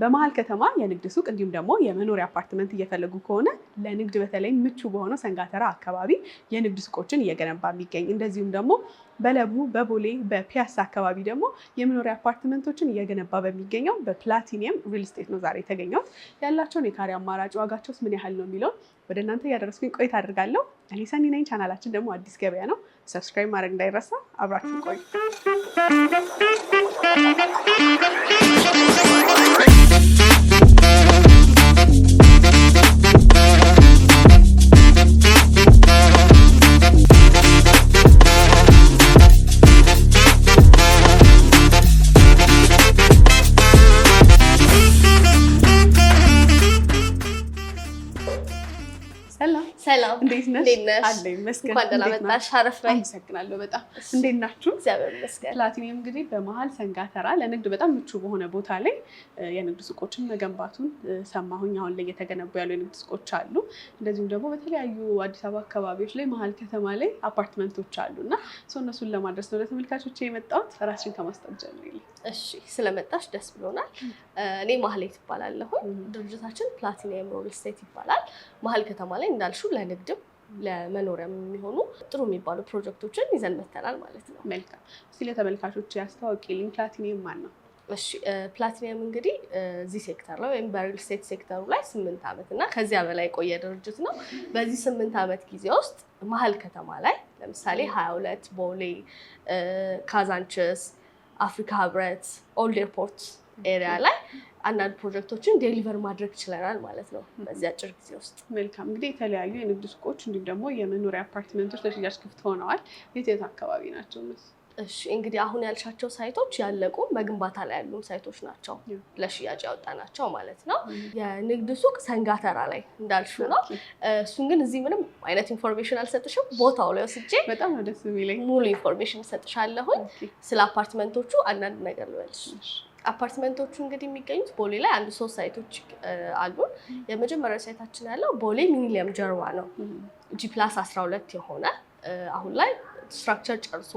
በመሀል ከተማ የንግድ ሱቅ እንዲሁም ደግሞ የመኖሪያ አፓርትመንት እየፈለጉ ከሆነ ለንግድ በተለይ ምቹ በሆነው ሰንጋተራ አካባቢ የንግድ ሱቆችን እየገነባ የሚገኝ እንደዚሁም ደግሞ በለቡ፣ በቦሌ፣ በፒያሳ አካባቢ ደግሞ የመኖሪያ አፓርትመንቶችን እየገነባ በሚገኘው በፕላቲኒየም ሪል ስቴት ነው ዛሬ የተገኘሁት። ያላቸውን የካሬ አማራጭ ዋጋቸውስ ምን ያህል ነው የሚለውን ወደ እናንተ እያደረስኩኝ ቆይታ አድርጋለሁ። እኔ ሰኒ ነኝ። ቻናላችን ደግሞ አዲስ ገበያ ነው። ሰብስክራይብ ማድረግ እንዳይረሳ። አብራችሁ ቆዩ። ሰላም ሰላም፣ እንዴት ነሽ? አለ ይመስገን። እንኳን ደህና መጣሽ። አረፍ በይ። አመሰግናለሁ በጣም እንዴት ናችሁ? እግዚአብሔር ይመስገን። ፕላቲኒየም እንግዲህ በመሀል ሰንጋተራ ለንግድ በጣም ምቹ በሆነ ቦታ ላይ የንግድ ሱቆችን መገንባቱን ሰማሁኝ። አሁን ላይ እየተገነቡ ያሉ የንግድ ሱቆች አሉ። እንደዚሁም ደግሞ በተለያዩ አዲስ አበባ አካባቢዎች ላይ መሀል ከተማ ላይ አፓርትመንቶች አሉ እና ሰው እነሱን ለማድረስ ነው ለተመልካቾች የመጣሁት። ራስሽን ከማስታወቅ ጀምሪ። እሺ፣ ስለመጣሽ ደስ ብሎናል። እኔ ማህሌት እባላለሁ። ድርጅታችን ፕላቲኒየም ሪል ስቴት ይባላል። መሀል ከተማ ላይ ላይ እንዳልሹ ለንግድም ለመኖሪያም የሚሆኑ ጥሩ የሚባሉ ፕሮጀክቶችን ይዘን መተናል ማለት ነው። መልካም። እስኪ ለተመልካቾች ልኝ ፕላቲኒየም ማን ነው? እሺ ፕላቲኒየም እንግዲህ እዚህ ሴክተር ላይ ወይም በሪል ስቴት ሴክተሩ ላይ ስምንት ዓመት እና ከዚያ በላይ የቆየ ድርጅት ነው። በዚህ ስምንት ዓመት ጊዜ ውስጥ መሀል ከተማ ላይ ለምሳሌ ሀያ ሁለት ቦሌ፣ ካዛንችስ፣ አፍሪካ ህብረት፣ ኦልድ ኤርፖርት ኤሪያ ላይ አንዳንድ ፕሮጀክቶችን ዴሊቨር ማድረግ ችለናል ማለት ነው በዚህ አጭር ጊዜ ውስጥ። መልካም እንግዲህ የተለያዩ የንግድ ሱቆች እንዲሁም ደግሞ የመኖሪያ አፓርትመንቶች ለሽያጭ ክፍት ሆነዋል። የት የት አካባቢ ናቸው? እሺ እንግዲህ አሁን ያልሻቸው ሳይቶች ያለቁ በግንባታ ላይ ያሉ ሳይቶች ናቸው ለሽያጭ ናቸው ማለት ነው። የንግድ ሱቅ ሰንጋተራ ላይ እንዳልሹ ነው። እሱን ግን እዚህ ምንም አይነት ኢንፎርሜሽን አልሰጥሽም። ቦታው ላይ ወስጄ በጣም ደስ የሚለኝ ሙሉ ኢንፎርሜሽን እሰጥሻለሁኝ ስለ አፓርትመንቶቹ አንዳንድ ነገር ልበልሽ። አፓርትመንቶቹ እንግዲህ የሚገኙት ቦሌ ላይ አንድ ሶስት ሳይቶች አሉ። የመጀመሪያው ሳይታችን ያለው ቦሌ ሚሊየም ጀርባ ነው። ጂ ፕላስ 12 የሆነ አሁን ላይ ስትራክቸር ጨርሶ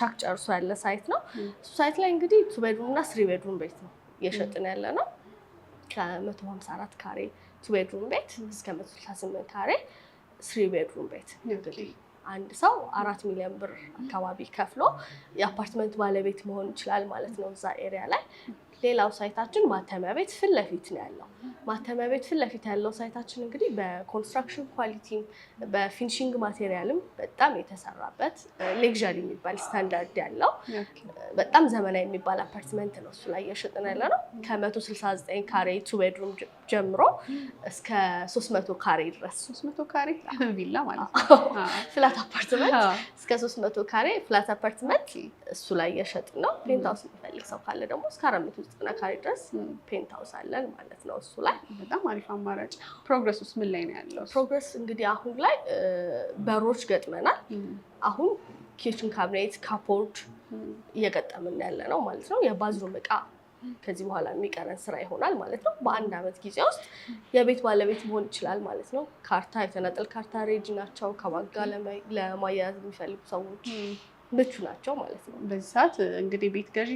ቻክ ጨርሶ ያለ ሳይት ነው። እሱ ሳይት ላይ እንግዲህ ቱ ቤድሩም እና ስሪ ቤድሩም ቤት ነው እየሸጥን ያለ ነው። ከመቶ ሀምሳ አራት ካሬ ቱ ቤድሩም ቤት እስከ መቶ ስልሳ ስምንት ካሬ ስሪ ቤድሩም ቤት እንግዲህ አንድ ሰው አራት ሚሊዮን ብር አካባቢ ከፍሎ የአፓርትመንት ባለቤት መሆን ይችላል ማለት ነው እዛ ኤሪያ ላይ። ሌላው ሳይታችን ማተሚያ ቤት ፊት ለፊት ነው ያለው። ማተሚያ ቤት ፊት ለፊት ያለው ሳይታችን እንግዲህ በኮንስትራክሽን ኳሊቲ በፊኒሽንግ ማቴሪያልም በጣም የተሰራበት ሌግዣሪ የሚባል ስታንዳርድ ያለው በጣም ዘመናዊ የሚባል አፓርትመንት ነው። እሱ ላይ እየሸጥን ያለ ነው። ከ169 ካሬ ቱ ቤድሩም ጀምሮ እስከ 300 ካሬ ድረስ 300 ካሬ ቪላ ፍላት አፓርትመንት እስከ 300 ካሬ ፍላት አፓርትመንት እሱ ላይ እየሸጥ ነው። ፔንት ሀውስ የሚፈልግ ሰው ካለ ደግሞ እስከ 490 ካሬ ድረስ ፔንት አለን ማለት ነው። እሱ ላይ በጣም አሪፍ አማራጭ። ፕሮግረስ ውስጥ ምን ላይ ነው ያለው? ፕሮግረስ እንግዲህ አሁን ላይ በሮች ገጥመናል። አሁን ኪችን ካብኔት፣ ካፖርድ እየገጠምን ያለ ነው ማለት ነው። የባዝሩም እቃ ከዚህ በኋላ የሚቀረን ስራ ይሆናል ማለት ነው። በአንድ አመት ጊዜ ውስጥ የቤት ባለቤት መሆን ይችላል ማለት ነው። ካርታ፣ የተናጠል ካርታ ሬጅ ናቸው። ከባንክ ጋር ለማያያዝ የሚፈልጉ ሰዎች ምቹ ናቸው ማለት ነው። በዚህ ሰዓት እንግዲህ ቤት ገዢ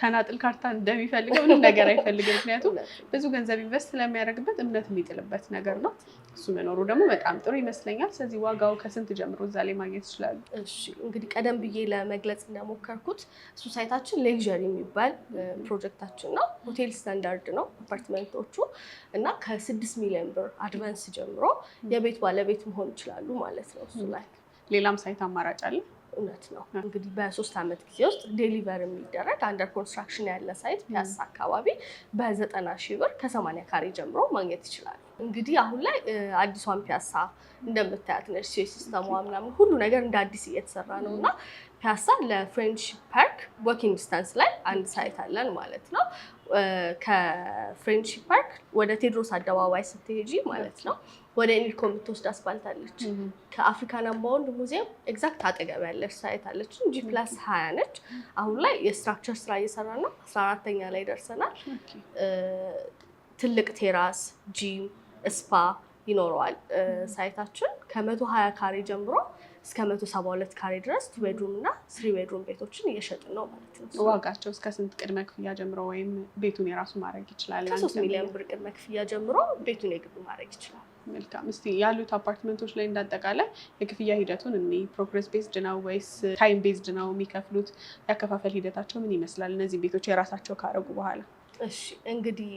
ተናጥል ካርታ እንደሚፈልገው ምንም ነገር አይፈልግም። ምክንያቱም ብዙ ገንዘብ ኢንቨስት ስለሚያደርግበት እምነት የሚጥልበት ነገር ነው። እሱ መኖሩ ደግሞ በጣም ጥሩ ይመስለኛል። ስለዚህ ዋጋው ከስንት ጀምሮ እዛ ላይ ማግኘት ይችላሉ? እሺ እንግዲህ ቀደም ብዬ ለመግለጽ እንደሞከርኩት እሱ ሳይታችን ሌክዠሪ የሚባል ፕሮጀክታችን ነው። ሆቴል ስታንዳርድ ነው አፓርትመንቶቹ እና ከስድስት ሚሊዮን ብር አድቫንስ ጀምሮ የቤት ባለቤት መሆን ይችላሉ ማለት ነው። እሱ ላይ ሌላም ሳይት አማራጭ አለ እውነት ነው እንግዲህ በሶስት ዓመት ጊዜ ውስጥ ዴሊቨር የሚደረግ አንደር ኮንስትራክሽን ያለ ሳይት ፒያሳ አካባቢ በዘጠና ሺህ ብር ከሰማንያ ካሬ ጀምሮ ማግኘት ይችላል። እንግዲህ አሁን ላይ አዲሷን ፒያሳ እንደምታያት ነች። ሲስተሟ ምናምን ሁሉ ነገር እንደ አዲስ እየተሰራ ነው እና ፒያሳ ለፍሬንድሺፕ ፓርክ ወኪንግ ዲስታንስ ላይ አንድ ሳይት አለን ማለት ነው። ከፍሬንድሺፕ ፓርክ ወደ ቴዎድሮስ አደባባይ ስትሄጂ ማለት ነው ወደ ኢኒልኮ የምትወስድ አስፋልት አለች። ከአፍሪካን አምባወንድ ሙዚየም ኤግዛክት አጠገብ ያለች ሳይት አለች። ጂ ፕላስ ሀያ ነች። አሁን ላይ የስትራክቸር ስራ እየሰራ ነው። አስራ አራተኛ ላይ ደርሰናል። ትልቅ ቴራስ፣ ጂም፣ ስፓ ይኖረዋል። ሳይታችን ከመቶ ሀያ ካሬ ጀምሮ እስከ 172 ካሬ ድረስ ቱ ቤድሩም እና ስሪ ቤድሩም ቤቶችን እየሸጥን ነው ማለት ነው። ዋጋቸው እስከ ስንት ቅድመ ክፍያ ጀምሮ ወይም ቤቱን የራሱ ማድረግ ይችላል? ከሶስት ሚሊዮን ብር ቅድመ ክፍያ ጀምሮ ቤቱን የግብ ማድረግ ይችላል። መልካም። እስቲ ያሉት አፓርትመንቶች ላይ እንዳጠቃላይ የክፍያ ሂደቱን እኔ ፕሮግረስ ቤዝድ ነው ወይስ ታይም ቤዝድ ነው የሚከፍሉት? ያከፋፈል ሂደታቸው ምን ይመስላል? እነዚህ ቤቶች የራሳቸው ካረጉ በኋላ እሺ እንግዲህ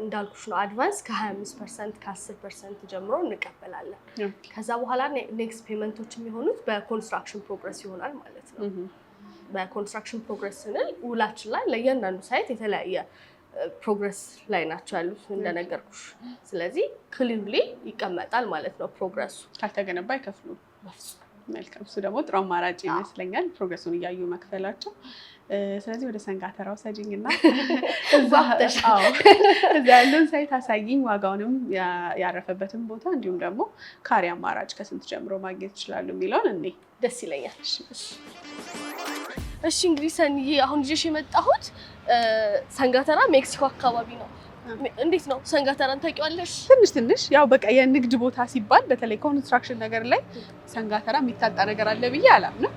እንዳልኩሽ ነው አድቫንስ ከ25 ፐርሰንት ከ10 ፐርሰንት ጀምሮ እንቀበላለን። ከዛ በኋላ ኔክስት ፔመንቶች የሚሆኑት በኮንስትራክሽን ፕሮግረስ ይሆናል ማለት ነው። በኮንስትራክሽን ፕሮግረስ ስንል ውላችን ላይ ለእያንዳንዱ ሳይት የተለያየ ፕሮግረስ ላይ ናቸው ያሉት እንደነገርኩሽ። ስለዚህ ክሊርሊ ይቀመጣል ማለት ነው ፕሮግረሱ። ካልተገነባ አይከፍሉም። መልካም። እሱ ደግሞ ጥሩ አማራጭ ይመስለኛል ፕሮግረሱን እያዩ መክፈላቸው። ስለዚህ ወደ ሰንጋተራ ውሰጂኝ ና እዛ ያለውን ሳይት አሳይኝ፣ ዋጋውንም ያረፈበትን ቦታ እንዲሁም ደግሞ ካሬ አማራጭ ከስንት ጀምሮ ማግኘት ይችላሉ የሚለውን እኔ ደስ ይለኛል። እሺ እንግዲህ ሰኒዬ፣ አሁን ይዤሽ የመጣሁት ሰንጋተራ ሜክሲኮ አካባቢ ነው። እንዴት ነው ሰንጋተራን ታውቂዋለሽ? ትንሽ ትንሽ ያው በቃ የንግድ ቦታ ሲባል በተለይ ኮንስትራክሽን ነገር ላይ ሰንጋተራ የሚታጣ ነገር አለ ብዬ አላምንም።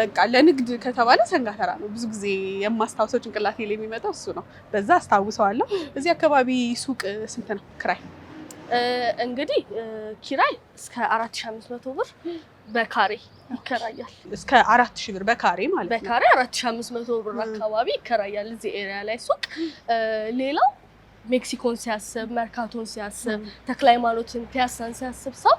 በቃ ለንግድ ከተባለ ሰንጋተራ ነው። ብዙ ጊዜ የማስታውሰው ጭንቅላቴ ላይ የሚመጣው እሱ ነው። በዛ አስታውሰዋለሁ። እዚህ አካባቢ ሱቅ ስንት ነው ክራይ? እንግዲህ ኪራይ እስከ አራት ሺህ አምስት መቶ ብር በካሬ ይከራያል። እስከ አራት ሺህ ብር በካሬ ማለት ነው። በካሬ አራት ሺህ አምስት መቶ ብር አካባቢ ይከራያል እዚህ ኤሪያ ላይ ሱቅ። ሌላው ሜክሲኮን ሲያስብ፣ መርካቶን ሲያስብ፣ ተክለ ሃይማኖትን፣ ፒያሳን ሲያስብ ሰው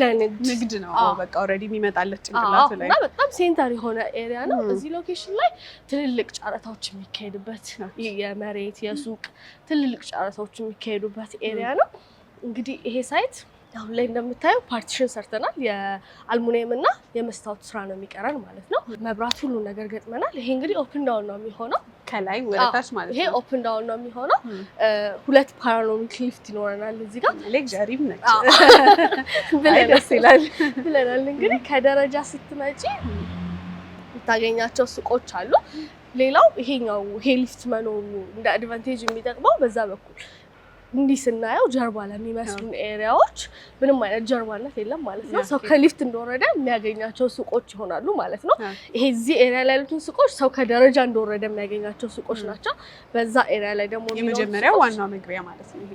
ለንግድ ነው በቃ ኦልሬዲ የሚመጣለት ጭንቅላት ላይ በጣም ሴንተር የሆነ ኤሪያ ነው። እዚህ ሎኬሽን ላይ ትልልቅ ጨረታዎች የሚካሄዱበት የመሬት የሱቅ ትልልቅ ጨረታዎች የሚካሄዱበት ኤሪያ ነው። እንግዲህ ይሄ ሳይት አሁን ላይ እንደምታየው ፓርቲሽን ሰርተናል። የአልሙኒየም እና የመስታወት ስራ ነው የሚቀረን ማለት ነው። መብራት ሁሉ ነገር ገጥመናል። ይሄ እንግዲህ ኦፕን ዳውን ነው የሚሆነው ከላይ ወደታች ማለት ነው። ይሄ ኦፕን ዳውን ነው የሚሆነው። ሁለት ፓራኖሚክ ሊፍት ይኖረናል እዚህ ጋር ሌክጀሪም ነች ደስ ይላል ብለናል። እንግዲህ ከደረጃ ስትመጪ የምታገኛቸው ሱቆች አሉ። ሌላው ይሄኛው ይሄ ሊፍት መኖሩ እንደ አድቫንቴጅ የሚጠቅመው በዛ በኩል እንዲህ ስናየው ጀርባ ለሚመስሉን ኤሪያዎች ምንም አይነት ጀርባነት የለም ማለት ነው። ሰው ከሊፍት እንደወረደ የሚያገኛቸው ሱቆች ይሆናሉ ማለት ነው። ይሄ እዚህ ኤሪያ ላይ ያሉትን ሱቆች ሰው ከደረጃ እንደወረደ የሚያገኛቸው ሱቆች ናቸው። በዛ ኤሪያ ላይ ደግሞ የመጀመሪያው ዋና መግቢያ ማለት ነው።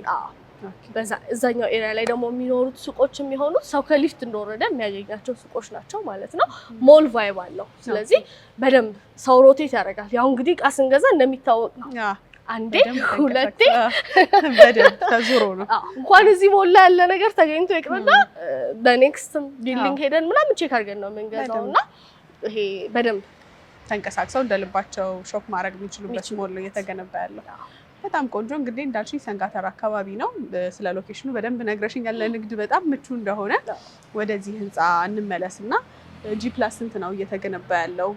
እዛኛው ኤሪያ ላይ ደግሞ የሚኖሩት ሱቆች የሚሆኑት ሰው ከሊፍት እንደወረደ የሚያገኛቸው ሱቆች ናቸው ማለት ነው። ሞል ቫይብ አለው። ስለዚህ በደንብ ሰው ሮቴት ያደርጋል። ያው እንግዲህ እቃ ስንገዛ እንደሚታወቅ ነው አንዴ ሁለቴ ተዙሮ ነው። እንኳን እዚህ ሞላ ያለ ነገር ተገኝቶ ይቅርና በኔክስት ቢልዲንግ ሄደን ምናምን ቼክ አድርገን ነው የምንገዛው እና ይሄ በደንብ ተንቀሳቅሰው እንደልባቸው ሾፕ ማድረግ የሚችሉበት ሞል እየተገነባ ያለው በጣም ቆንጆ። እንግዲህ እንዳልሽኝ ሰንጋተራ አካባቢ ነው። ስለ ሎኬሽኑ በደንብ ነግረሽኛል። ለንግድ በጣም ምቹ እንደሆነ ወደዚህ ህንፃ እንመለስና ጂ ፕላስ ስንት ነው እየተገነባ ያለው?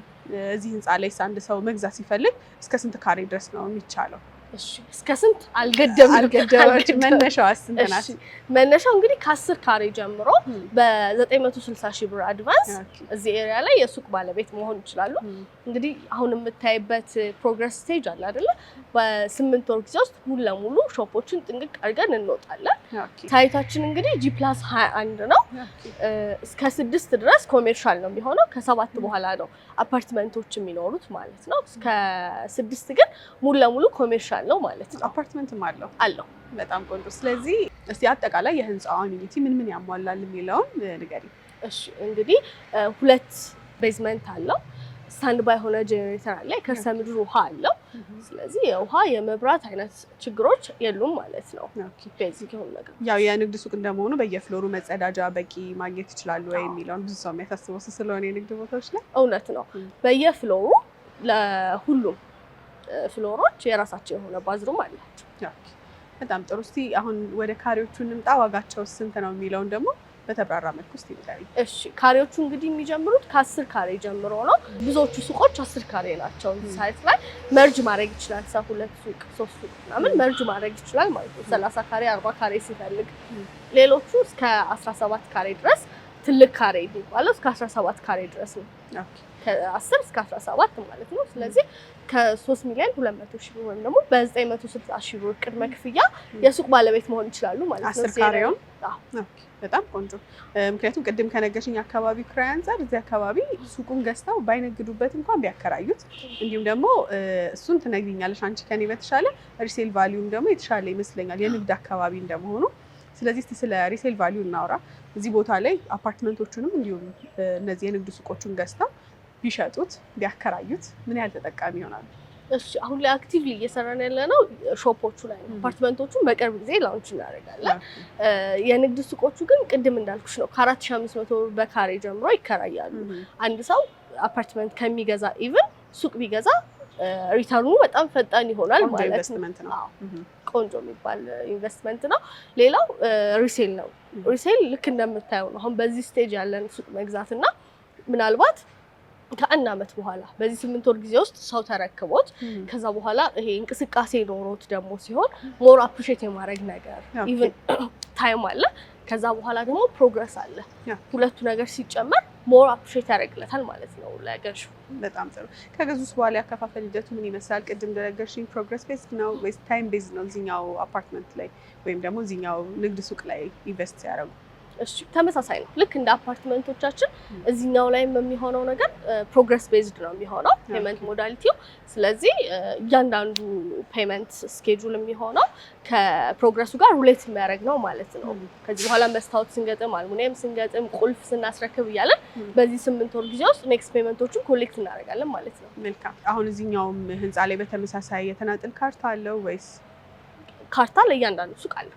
እዚህ ህንፃ ላይ አንድ ሰው መግዛት ሲፈልግ እስከ ስንት ካሬ ድረስ ነው የሚቻለው? እስከ ስንት አልገደም። መነሻዋ ስንት ናት? መነሻው እንግዲህ ከአስር ካሬ ጀምሮ በ960 ሺህ ብር አድቫንስ እዚህ ኤሪያ ላይ የሱቅ ባለቤት መሆን ይችላሉ። እንግዲህ አሁን የምታይበት ፕሮግረስ ስቴጅ አለ አይደለ? በስምንት ወር ጊዜ ውስጥ ሙሉ ለሙሉ ሾፖችን ጥንቅቅ አድርገን እንወጣለን። ታይታችን እንግዲህ ጂ ፕላስ 21 ነው። እስከ ስድስት ድረስ ኮሜርሻል ነው የሚሆነው። ከሰባት በኋላ ነው አፓርትመንቶች የሚኖሩት ማለት ነው። እስከ ስድስት ግን ሙሉ ለሙሉ ኮሜርሻል አለው ማለት ነው። አፓርትመንትም አለው አለው። በጣም ቆንጆ። ስለዚህ እስቲ አጠቃላይ የህንፃው አሚኒቲ ምን ምን ያሟላል የሚለውን ንገሪ። እሺ እንግዲህ ሁለት ቤዝመንት አለው። ስታንድ ባይ የሆነ ጄኔሬተር አለ። የከርሰ ምድር ውሃ አለው። ስለዚህ የውሃ የመብራት አይነት ችግሮች የሉም ማለት ነው። ቤዚክ የሆኑ ነገር ያው የንግድ ሱቅ እንደመሆኑ በየፍሎሩ መጸዳጃ በቂ ማግኘት ይችላሉ ወይ የሚለውን ብዙ ሰው የሚያሳስበው ስለሆነ የንግድ ቦታዎች ላይ እውነት ነው። በየፍሎሩ ለሁሉም ፍሎሮች የራሳቸው የሆነ ባዝሩም አላቸው። በጣም ጥሩ። እስቲ አሁን ወደ ካሬዎቹ እንምጣ። ዋጋቸው ስንት ነው የሚለውን ደግሞ በተብራራ መልኩ ስ እሺ ካሬዎቹ እንግዲህ የሚጀምሩት ከአስር ካሬ ጀምሮ ነው። ብዙዎቹ ሱቆች አስር ካሬ ናቸው። ሳይት ላይ መርጅ ማድረግ ይችላል። ሰው ሁለት ሱቅ ሶስት ሱቅ ምናምን መርጅ ማድረግ ይችላል ማለት ነው። ሰላሳ ካሬ አርባ ካሬ ሲፈልግ፣ ሌሎቹ እስከ አስራ ሰባት ካሬ ድረስ ትልቅ ካሬ የሚባለው እስከ አስራ ሰባት ካሬ ድረስ ነው። ከአስር እስከ አስራ ሰባት ማለት ነው። ስለዚህ ከሶስት ሚሊዮን ሁለት መቶ ሺህ ብር ወይም ደግሞ በዘጠኝ መቶ ስልሳ ሺህ ብር ቅድመ ክፍያ የሱቅ ባለቤት መሆን ይችላሉ ማለት ነው። በጣም ቆንጆ። ምክንያቱም ቅድም ከነገሽኝ አካባቢ ክራይ አንጻር እዚህ አካባቢ ሱቁን ገዝተው ባይነግዱበት እንኳን ቢያከራዩት፣ እንዲሁም ደግሞ እሱን ትነግኛለሽ አንቺ ከኔ በተሻለ ሪሴል ቫሊዩም ደግሞ የተሻለ ይመስለኛል የንግድ አካባቢ እንደመሆኑ ስለዚህ ስለ ሪሴል ቫሊዩ እናውራ። እዚህ ቦታ ላይ አፓርትመንቶቹንም እንዲሁም እነዚህ የንግድ ሱቆቹን ገዝተው ቢሸጡት ቢያከራዩት ምን ያህል ተጠቃሚ ይሆናሉ? እሺ አሁን ላይ አክቲቭሊ እየሰራን ያለ ነው ሾፖቹ ላይ ነው። አፓርትመንቶቹን በቅርብ ጊዜ ላውንች እናደርጋለን። የንግድ ሱቆቹ ግን ቅድም እንዳልኩሽ ነው ከአራት ሺህ አምስት መቶ ብር በካሬ ጀምሮ ይከራያሉ። አንድ ሰው አፓርትመንት ከሚገዛ ኢቭን ሱቅ ቢገዛ ሪተርኑ በጣም ፈጣን ይሆናል ማለት ነው። ቆንጆ የሚባል ኢንቨስትመንት ነው። ሌላው ሪሴል ነው። ሪሴል ልክ እንደምታየው ነው። አሁን በዚህ ስቴጅ ያለን ሱቅ መግዛት እና ምናልባት ከአንድ ዓመት በኋላ በዚህ ስምንት ወር ጊዜ ውስጥ ሰው ተረክቦት ከዛ በኋላ ይሄ እንቅስቃሴ ኖሮት ደግሞ ሲሆን ሞር አፕሪሼት የማድረግ ነገር ኢቨን ታይም አለ። ከዛ በኋላ ደግሞ ፕሮግረስ አለ። ሁለቱ ነገር ሲጨመር ሞር አፕሪሼት ያደርግለታል ማለት ነው ለገሹ። በጣም ጥሩ። ከገዙስ በኋላ ያከፋፈል ሂደቱ ምን ይመስላል? ቅድም እንደነገርሽኝ ፕሮግረስ ቤዝድ ነው ወይስ ታይም ቤዝድ ነው? እዚኛው አፓርትመንት ላይ ወይም ደግሞ እዚኛው ንግድ ሱቅ ላይ ኢንቨስት ያደረጉ ተመሳሳይ ነው። ልክ እንደ አፓርትመንቶቻችን እዚህኛው ላይም የሚሆነው ነገር ፕሮግረስ ቤዝድ ነው የሚሆነው ፔመንት ሞዳሊቲው። ስለዚህ እያንዳንዱ ፔመንት ስኬጁል የሚሆነው ከፕሮግረሱ ጋር ሩሌት የሚያደርግ ነው ማለት ነው። ከዚህ በኋላ መስታወት ስንገጥም፣ አልሙኒየም ስንገጥም፣ ቁልፍ ስናስረክብ እያለን በዚህ ስምንት ወር ጊዜ ውስጥ ኔክስት ፔመንቶችን ኮሌክት እናደርጋለን ማለት ነው። መልካም። አሁን እዚኛውም ህንፃ ላይ በተመሳሳይ የተናጥል ካርታ አለው ወይስ? ካርታ ለእያንዳንዱ ሱቅ አለው።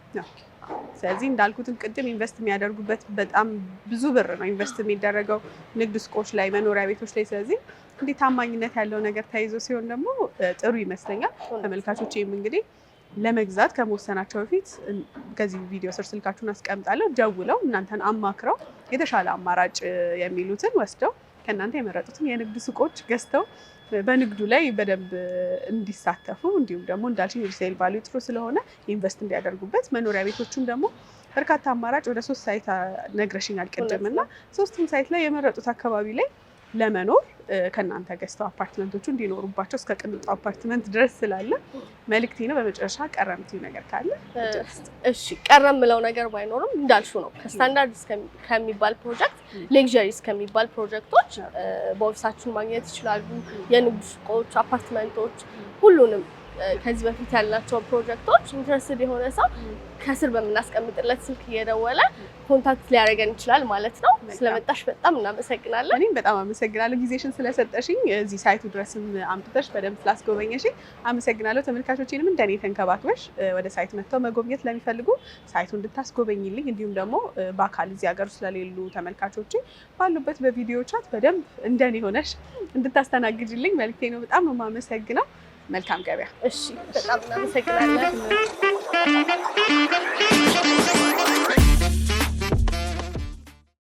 ስለዚህ እንዳልኩትም ቅድም ኢንቨስት የሚያደርጉበት በጣም ብዙ ብር ነው ኢንቨስት የሚደረገው ንግድ ሱቆች ላይ፣ መኖሪያ ቤቶች ላይ። ስለዚህ እንዲህ ታማኝነት ያለው ነገር ተይዞ ሲሆን ደግሞ ጥሩ ይመስለኛል። ተመልካቾችም እንግዲህ ለመግዛት ከመወሰናቸው በፊት ከዚህ ቪዲዮ ስር ስልካችሁን አስቀምጣለሁ። ደውለው እናንተን አማክረው የተሻለ አማራጭ የሚሉትን ወስደው ከእናንተ የመረጡትን የንግድ ሱቆች ገዝተው በንግዱ ላይ በደንብ እንዲሳተፉ እንዲሁም ደግሞ እንዳልሽ ሪሴል ቫሊዩ ጥሩ ስለሆነ ኢንቨስት እንዲያደርጉበት መኖሪያ ቤቶቹም ደግሞ በርካታ አማራጭ ወደ ሶስት ሳይት ነግረሽኝ ቅድም እና ሶስቱም ሳይት ላይ የመረጡት አካባቢ ላይ ለመኖር ከእናንተ ገዝተው አፓርትመንቶቹ እንዲኖሩባቸው እስከ ቅንጡ አፓርትመንት ድረስ ስላለ መልእክቴ ነው። በመጨረሻ ቀረ ነገር ካለ? እሺ ቀረም የምለው ነገር ባይኖርም እንዳልሹ ነው። ከስታንዳርድ ከሚባል ፕሮጀክት ሌክዠሪ እስከሚባል ፕሮጀክቶች በኦፊሳችን ማግኘት ይችላሉ። የንግድ ሱቆች፣ አፓርትመንቶች ሁሉንም ከዚህ በፊት ያላቸው ፕሮጀክቶች ኢንትረስትድ የሆነ ሰው ከስር በምናስቀምጥለት ስልክ እየደወለ ኮንታክት ሊያደርገን ይችላል ማለት ነው። ስለመጣሽ በጣም እናመሰግናለን። እኔም በጣም አመሰግናለሁ ጊዜሽን ስለሰጠሽኝ፣ እዚህ ሳይቱ ድረስም አምጥተሽ በደንብ ስላስጎበኘሽኝ አመሰግናለሁ። ተመልካቾችንም እንደኔ ተንከባክበሽ ወደ ሳይት መጥተው መጎብኘት ለሚፈልጉ ሳይቱ እንድታስጎበኝልኝ እንዲሁም ደግሞ በአካል እዚህ ሀገር ውስጥ ስለሌሉ ተመልካቾች ባሉበት በቪዲዮ ቻት በደንብ እንደኔ ሆነሽ እንድታስተናግጅልኝ መልክቴ ነው። በጣም ነው የማመሰግነው። መልካም ገበያ። እሺ፣ በጣም እናመሰግናለን።